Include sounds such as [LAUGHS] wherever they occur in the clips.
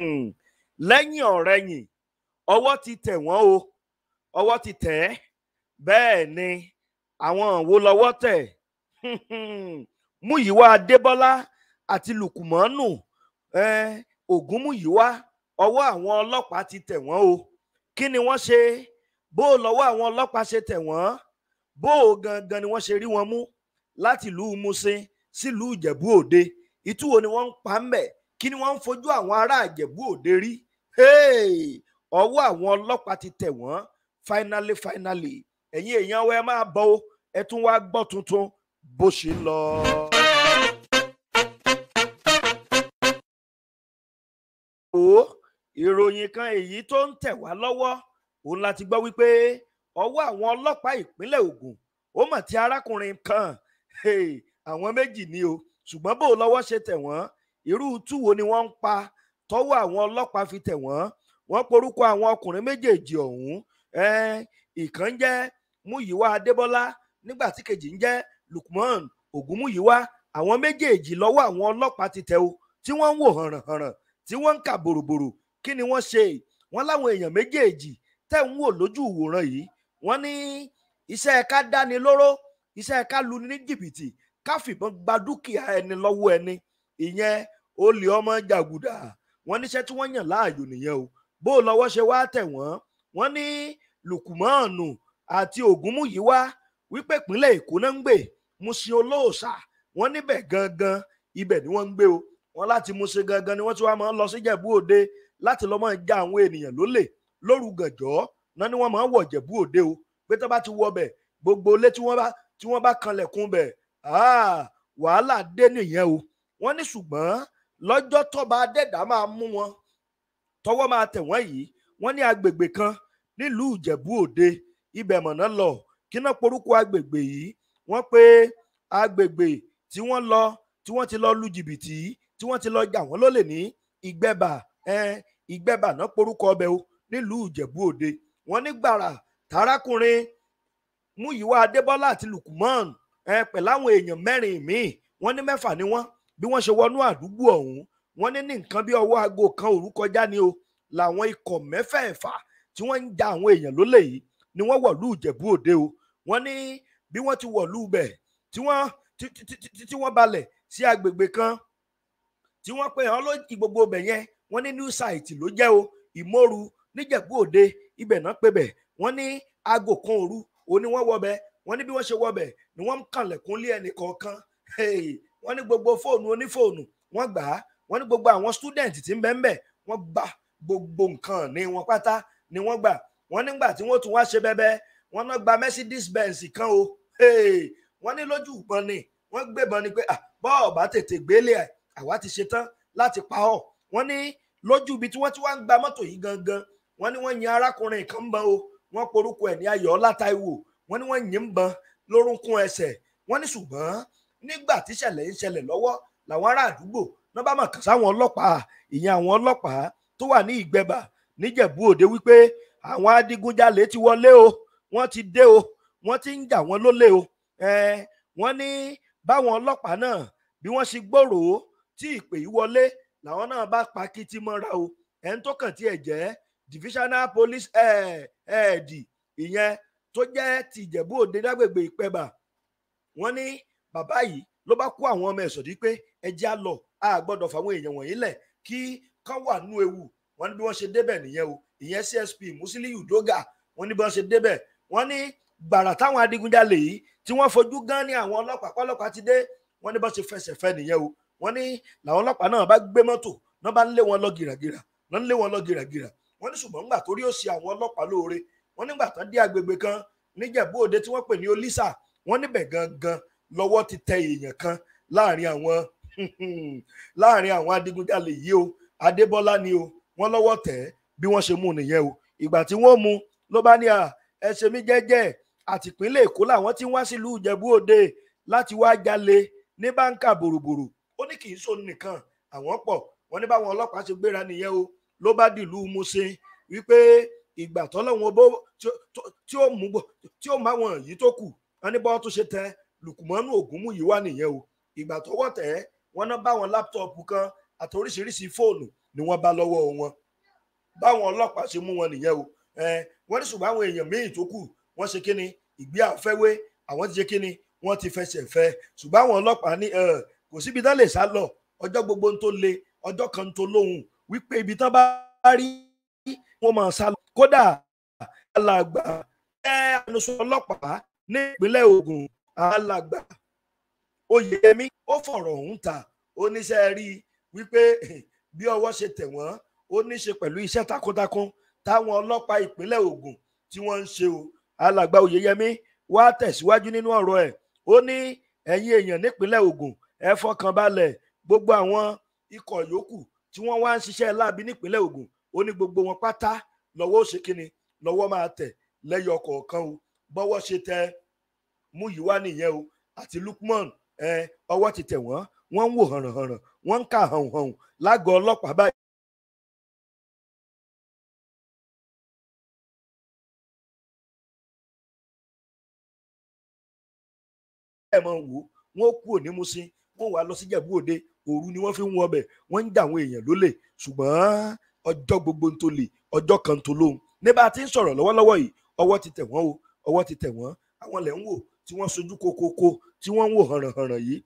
Hmm. lẹ́yìn ọ̀rẹ̀yìn ọwọ́ ti tẹ̀ wọ́n o ọwọ́ ti tẹ̀ ẹ́ bẹ́ẹ̀ ni àwọn wo lọ́wọ́ tẹ̀ [LAUGHS] Múyìwá Adébọ́lá àti Lùkùmọ́nù Ògúnmúyìwá ọwọ́ àwọn ọlọ́pàá ti tẹ̀ wọ́n o kí ni wọ́n ṣe bó lọ́wọ́ àwọn ọlọ́pàá ṣe tẹ̀ wọ́n bó gangan ni wọ́n ṣe rí wọn mú láti ìlú Muṣin sílùú Ìjẹ̀bú Òde ìtúwo ni wọ́n ń pa ń bẹ̀ kí ni wọ́n ń fojú àwọn ará àjẹ̀bú òde rí ọwọ́ àwọn ọlọ́pàá ti tẹ̀ wọ́n finally finally ẹ̀yin èèyàn wa ẹ máa bọ̀ o ẹ tún wá gbọ́ tuntun bó ṣe ń lọ. o ìròyìn kan èyí tó ń tẹ̀ wá lọ́wọ́ òun láti gbọ́ wípé ọwọ́ àwọn ọlọ́pàá ìpínlẹ̀ Ògùn ó mà ti arákùnrin kan àwọn méjì ni o ṣùgbọ́n bó lọ́wọ́ ṣe tẹ̀ wọ́n irú túwo ni wọ́n ń pa tọ́wọ́ àwọn ọlọ́pàá fi tẹ̀ wọ́n wọ́n porúkọ àwọn ọkùnrin méjèèjì ọ̀hún ìkan jẹ́ múyìwá adébọ́lá nígbà tí kejì ń jẹ́ lukman ògúnmúyìwá àwọn méjèèjì lọ́wọ́ àwọn ọlọ́pàá ti tẹ̀ o tí wọ́n ń wò hànrànhànràn tí wọ́n ń kà bòròbòrò kí ni wọ́n ṣe wọ́n láwọn èèyàn méjèèjì tẹ̀ ń wò lójú ìwòran yìí wọ́n ní iṣẹ́ ká dáni lóró iṣẹ́ ká luni ní jìbìtì ká fìbọn gba dúkìá ẹni lọ́wọ́ ẹni ìyẹn olè ọmọ jàgùdà wọ́n níṣẹ́ tí wọ́n yàn láàyò nìyẹn o bó lọ́wọ́ ṣe wá tẹ̀ wọ́n wọ́n ní lukumanu àti ògúnmúyíwá wípé ìpínlẹ̀ èkó náà ń gbé musin olóòṣà wọ́n níbẹ̀ gangan ibẹ̀ ni wọ́n ń gbé o wọ́n láti musin gangan ni wọ́n ti wá máa ń lọ sí jẹ̀bú òde láti lọ́ máa já àwọn ènìyàn lólè lóru gànjọ́ náà ni wọ́n máa ń wọ̀ jẹ̀bú òde o pé tó bá ti wọ bẹ̀ gbogbo ilé tí wọ́n bá kanlẹ̀kùn bẹ̀ wàhálà dé nìyẹn o wọ́n ní ṣùgbọ́n lọ́jọ́ tọ́ba adẹ́dá máa mú wọn tọwọ́ máa tẹ̀ wọ́n yìí wọ́n ní agbègbè kan nílùú ìjẹ̀bú òde ibẹ̀ mọ̀nà lọ kí náà porúkọ agbègbè yìí wọ́n pé agbègbè tí wọ́n lọ tí wọ́n ti lọ lu jìbìtì tí wọ́n ti lọ jà wọ́n lólè ní ìgbẹ́bà ìgbẹ́bà náà porúkọ ọbẹ̀ o nílùú ìjẹ̀bú òde wọ́n ní gbàrà tarákùnrin múyìwá adébọ́lá àti lukuman pẹ̀láwọn èèyàn mẹ́rin míì wọ́n ní mẹ́fà ni wọ́n bí wọ́n ṣe wọnú àdúgbò ọ̀hún wọ́n ní ní nǹkan bí ọwọ́ aago kan òru kọjá ni o làwọn ikọ̀ mẹ́fẹ̀ẹ̀fà tí wọ́n ń ja àwọn èèyàn lólè yìí ni wọ́n wọ̀lú ìjẹ̀bú òde o wọ́n ní bí wọ́n ti wọ̀lú bẹ̀ tí wọ́n tí wọ́n balẹ̀ sí agbègbè kan tí wọ́n pe àwọn olóyìn gbogbo bẹ̀ yẹn wọ́n ní new site ló jẹ́ o ìmóoru níjẹ̀bú òde ibẹ̀ náà pé bẹ̀ wọ́n ní aago kan òru òní wọ́n wọbẹ̀ wọ́n ní bí wọ́n ṣe wọbẹ̀ ni wọ́n ń kànlẹ̀kùn lé ẹnì kọ̀ọ̀kan wọ́n ní gbogbo fóònù onífóònù wọ́n gbà á wọ́n ní gbogbo àwọn student tí ń bẹ ń bẹ wọ́n gba gbogbo nǹkan ní wọn pátá ni wọ́n gbà wọ́n nígbà tí wọ́n tún wá ṣe bẹbẹ wọ́n náà gba mercedes benz kan o wọ́n ní lójú ìbọn ni wọ́n gbébọn ni pé bọ́ọ̀ bá tètè gbélé ẹ̀ àwa ti ṣe tán láti pa ọ́ wọ́n ní lójú ibi tí wọ́n ti wá ń gba mọ́tò yìí gangan wọ́n ní wọ́n yin arákùnrin kan bọ́n o wọ́n porúkọ ẹ̀ ní ayọ̀ọ́lá táíwò wọ́n ní wọ́n yin ń bọ́n ẹsẹ̀ wọ́n ní ṣùgbọ́n nígbà tíṣẹ̀lẹ̀ ń ṣẹlẹ̀ lọ́wọ́ làwọn ará àdúgbò náà bá mọ̀ kàn sáwọn ọlọ́pàá ìyẹn àwọn ọlọ́pàá tó wà ní ìgbẹ́bà níjẹ̀bú òde wípé àwọn adigunjalè ti wọlé o wọ́n ti dé o wọ́n ti ń jà wọ́n lólè o wọ́n ní báwọn ọlọ́pàá náà bí wọ́n ṣe gbòòrò tí ìpè yìí wọlé làwọn náà bá pa kìtì mọ́ra o ẹni tó kàn tiẹ̀ jẹ́ divisional police ẹ̀ẹ́dì ìyẹn tó jẹ́ tìjẹ̀bú òde lágbègbè ìpẹ́bà wọ́n ní bàbá yìí ló bá kó àwọn ọmọ ẹ̀sọ̀dí pé ẹjẹ́ á lọ a gbọ́dọ̀ fáwọn èèyàn wọ̀nyí lẹ̀ kí kán wà nú ewu wọn ní bí wọ́n ṣe débẹ̀ nìyẹn o ìyẹn CSP Musiliu Doga wọn ní bí wọ́n ṣe débẹ̀ wọn ní gbàrà táwọn adigunjalè yìí tí wọ́n fojú gan ní àwọn ọlọ́pàá pọ́lọ́pàá ti dé wọn ní bá ṣe fẹsẹ̀ fẹ nìyẹn o wọn ní làwọn ọlọ́pàá náà bá gbé mọ́tò náà bá ń lé wọn lọ gìràgìrà náà ń lé wọn lọ gìràgìrà wọn ní ṣùgbọ́n nígbà tó rí òsì àwọn ọlọ́pàá lóore wọn nígbà tán dé agbègbè kan níjẹ̀bú òde tí wọ́n pè ní lọ́wọ́ ti tẹ èèyàn kan láàrin àwọn [LAUGHS] láàrin àwọn adigunjalè yìí o Adébọ́lá ni o wọ́n lọ́wọ́ tẹ̀ bí wọ́n ṣe mú nìyẹn o ìgbà tí wọ́n mú ló bá ní à ẹ ṣe mí jẹ́jẹ́ àtìpínlẹ̀ Èkó làwọn tí wá sílùú Ìjẹ̀bú Òde láti wá jalè ní báńkà bòròbòrò ó ní kì í sóun nìkan àwọn pọ̀ wọ́n ní báwọn ọlọ́pàá ṣe gbéra nìyẹn o ló bá dìlú Mùṣín wípé ìgbà tọ́lọ́wọ́n bó tí ó mú bọ̀ tí ó máwọn yìí tó kù wọ́n ní bọ́ tó ṣe tẹ lukumanu ogunmuyi wà nìyẹn o ìgbà tọ́wọ́ tẹ̀ ẹ́ wọ́n ná báwọn láptọ̀pù kan àti oríṣiríṣi fóònù ni wọ́n bá lọ́wọ́ wọn báwọn ọlọ́pàá ṣe mú wọn nìyẹn o wọ́n ní ṣùgbọ́n àwọn èèyàn míì tó kù wọ́n ṣe kíni ìgbé àfẹ́wé àwọn ti ṣe kíni wọ́n ti fẹsẹ̀ fẹ́ ṣùgbọ́n àwọn ọlọ́pàá ní kò síbi tán lè sá lọ ọjọ́ gbogbo ń tó le ọjọ́ kan ń tó lóhùn wípé ibi tán bá rí wọ́n máa sá lọ kódà alàgbà ẹ ànusọ ọlọ́pàá ní ìpínlẹ̀ Ògùn alàgbà oyèyẹmí ó fọ̀rọ̀ ọ̀hún ta oníṣẹ́ rí i wípé [LAUGHS] bí ọwọ́ ṣe tẹ̀ wọ́n ó níṣe pẹ̀lú iṣẹ́ takuntakun táwọn ọlọ́pàá ìpínlẹ̀ Ògùn tí wọ́n ń ṣe o alàgbà oyèyẹmí wá tẹ̀síwájú nínú ọ̀rọ̀ ẹ̀ ó ní ẹ̀yin èèyàn nípínlẹ̀ Ògùn ẹ fọkàn balẹ̀ gbogbo àwọn ikọ̀ yòókù tí wọ́n wá ń ṣiṣẹ́ láabi nípínlẹ̀ Ògùn ó ní gbogbo wọn pátá lọ́wọ́ ó ṣe kíni lọ́wọ́ máa tẹ̀ lẹ́yọ kọ̀ọ̀kan o bọ́wọ́ ṣe tẹ Múyìwá nìyẹn o àti Lukman ọwọ́ ti tẹ̀ wọ́n wọ́n ń wò hànrànhànràn wọ́n ń kà hànhàn lágọ̀ọ́ ọlọ́pàá báyìí. ẹ mọ wò wọn kú òní Mùṣín wọn wà lọ sí Ìjẹ̀bú Òde òru ni wọ́n fi ń wọ ọbẹ̀ wọ́n ń dà àwọn èèyàn lólè ṣùgbọ́n ọjọ́ gbogbo ń tó lè ọjọ́ kan tó lóhun ní bá a ti ń sọ̀rọ̀ lọ́wọ́lọ́wọ́ yìí ọwọ́ ti tẹ̀ wọ́n o ọwọ́ ti tẹ̀ wọ́n àwọn lẹ̀ ń wò tí wọ́n sojú kokoko tí wọ́n ń wò hànrànhànràn yìí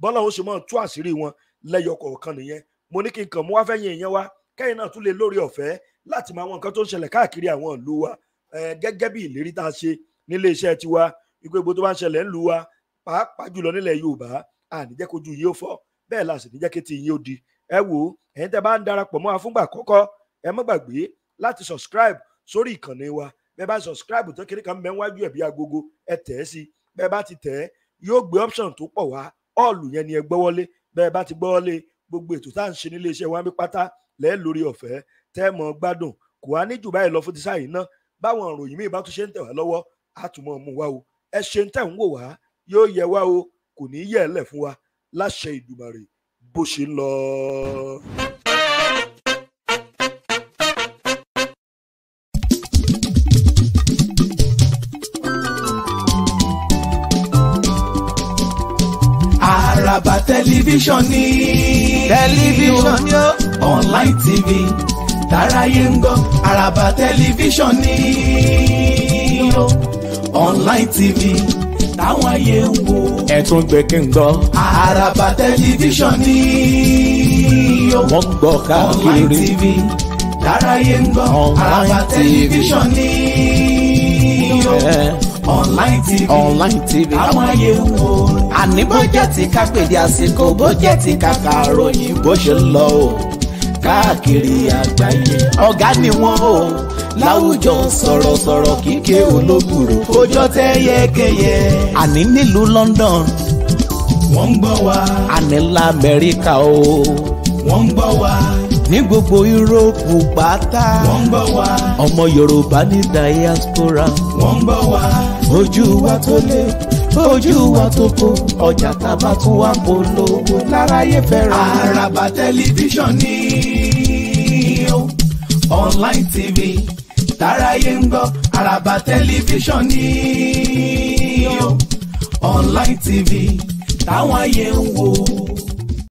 bọ́lá ó ṣe máa tú àṣírí wọn lẹ́yọ kọ̀ọ̀kan nìyẹn mo ní kí n kàn mú wá fẹ́yìn ìyẹn wá kẹ́yìn náà tún lè lórí ọ̀fẹ́ láti mọ àwọn nǹkan tó ń ṣẹlẹ̀ káàkiri àwọn ìlú wa gẹ́gẹ́ bí ìlérí tá a ṣe nílé iṣẹ́ tiwa ìgbé gbogbo tó bá ń ṣẹlẹ̀ ńlú wa pàápàá jùlọ nílẹ̀ Yorùbá àníjẹ́ kojú yìí ó fọ́ bẹ́ẹ̀ la sì níjẹ́ kétí yìí ó di ẹ wò ó subscribe sórí ìkànnì wa bẹ́ẹ̀ bá subscribe tán kiri kan mẹ́wájú ẹ̀ bí agogo ẹ tẹ̀ ẹ́ sí bẹ́ẹ̀ bá ti tẹ̀ ẹ́ yóò gbé option tó pọ̀ wá ọ̀ọ̀lù yẹn ni ẹ gbọ́wọ́lé bẹ́ẹ̀ bá ti gbọ́wọ́lé gbogbo ètò tá à ń ṣe nílé iṣẹ́ wa bí pátá lẹ́ẹ̀ lórí ọ̀fẹ́ tẹ́ mọ́ gbádùn kò wá ní jù báyìí lọ fún ti sáyìn náà báwọn òròyìn míì bá tún ṣe ń tẹ̀ wá lọ́wọ́ á tún mọ́ ọmú wa o ẹ ṣe ń tẹ̀ ń wò wá yóò yẹ wá o kò ní í yẹ̀ ẹ́ lẹ̀ fún wa láṣẹ Ìdùmarè bó ṣe ń lọ. tẹlifíṣàn ni tẹlifíṣàn ni ó online tv tàráyé ń gbọ́ àràbà tẹlifíṣàn ni online tv táwọn ayé ń wo ẹ̀tún gbẹ̀kẹ̀ ń gbọ́ àràbà tẹlifíṣàn ni wọ́n gbọ́ káàkiri online tv tàráyé ń gbọ́ àràbà tẹlifíṣàn ni online tv online tv amáyé wò àní bó jẹ́ ti ká pèdé àsìkò bó jẹ́ ti ká kàròyìn bó ṣe lọ o káàkiri àgbáyé ọ̀gá ni wọ́n o láwùjọ sọ̀rọ̀sọ̀rọ̀ kíkẹ́ olóbùrò ọjọ́ tẹ́ yẹ́kẹ́yẹ́ àní nílùú London wọ́n ń gbọ́ wa àní la Amẹ́ríkà o wọ́n ń gbọ́ wa ní gbogbo yúróòpù pátá wọ́n ń gbọ́ ọmọ Yorùbá ní diaspora wọ́n ń gbọ́ ojú wa tó lé ojú wa tó kó ọjà tá a bá tún láráyé fẹ́ràn. àràbà tẹlifíṣàn ni ó online tv táráyé ń gbọ́ àràbà tẹlifíṣàn ni ó online tv táwọn ayé ń wò